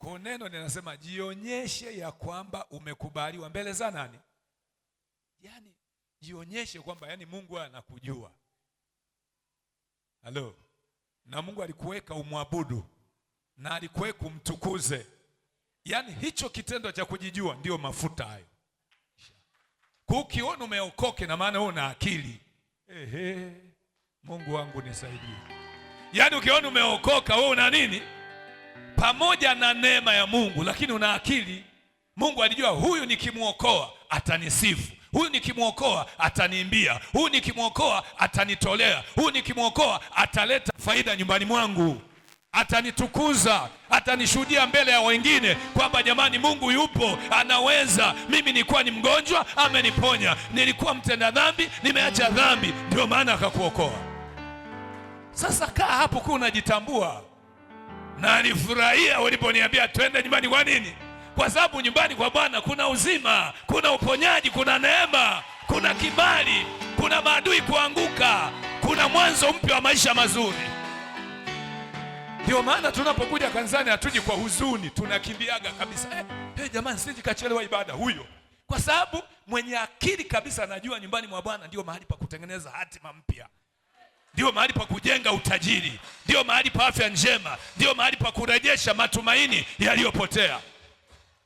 Kwa neno ninasema jionyeshe ya kwamba umekubaliwa mbele za nani? Yaani jionyeshe kwamba yani Mungu anakujua. Halo. Na Mungu alikuweka umwabudu na alikuweka umtukuze. Yaani hicho kitendo cha kujijua ndiyo mafuta hayo. Kukiona umeokoke na maana una akili. Ehe. Mungu wangu nisaidie. Yaani ukiona umeokoka wewe una nini? pamoja na neema ya Mungu, lakini una akili. Mungu alijua huyu nikimwokoa atanisifu, huyu nikimwokoa ataniimbia, huyu nikimwokoa atanitolea, huyu nikimwokoa ataleta faida nyumbani mwangu, atanitukuza, atanishuhudia mbele ya wengine kwamba jamani, Mungu yupo, anaweza. Mimi nilikuwa ni mgonjwa, ameniponya. Nilikuwa mtenda dhambi, nimeacha dhambi, ndio maana akakuokoa. Sasa kaa hapo, kuwa unajitambua na nifurahia waliponiambia twende nyumbani. Kwa nini? Kwa sababu nyumbani kwa Bwana kuna uzima, kuna uponyaji, kuna neema, kuna kibali, kuna maadui kuanguka, kuna mwanzo mpya wa maisha mazuri. Ndio maana tunapokuja kanisani hatuji kwa huzuni, tunakimbiaga kabisa eh, hey, jamani sisi kachelewa ibada huyo, kwa sababu mwenye akili kabisa anajua nyumbani mwa Bwana ndio mahali pa kutengeneza hatima mpya, ndio mahali pa kujenga utajiri ndiyo mahali pa afya njema, ndiyo mahali pa kurejesha matumaini yaliyopotea.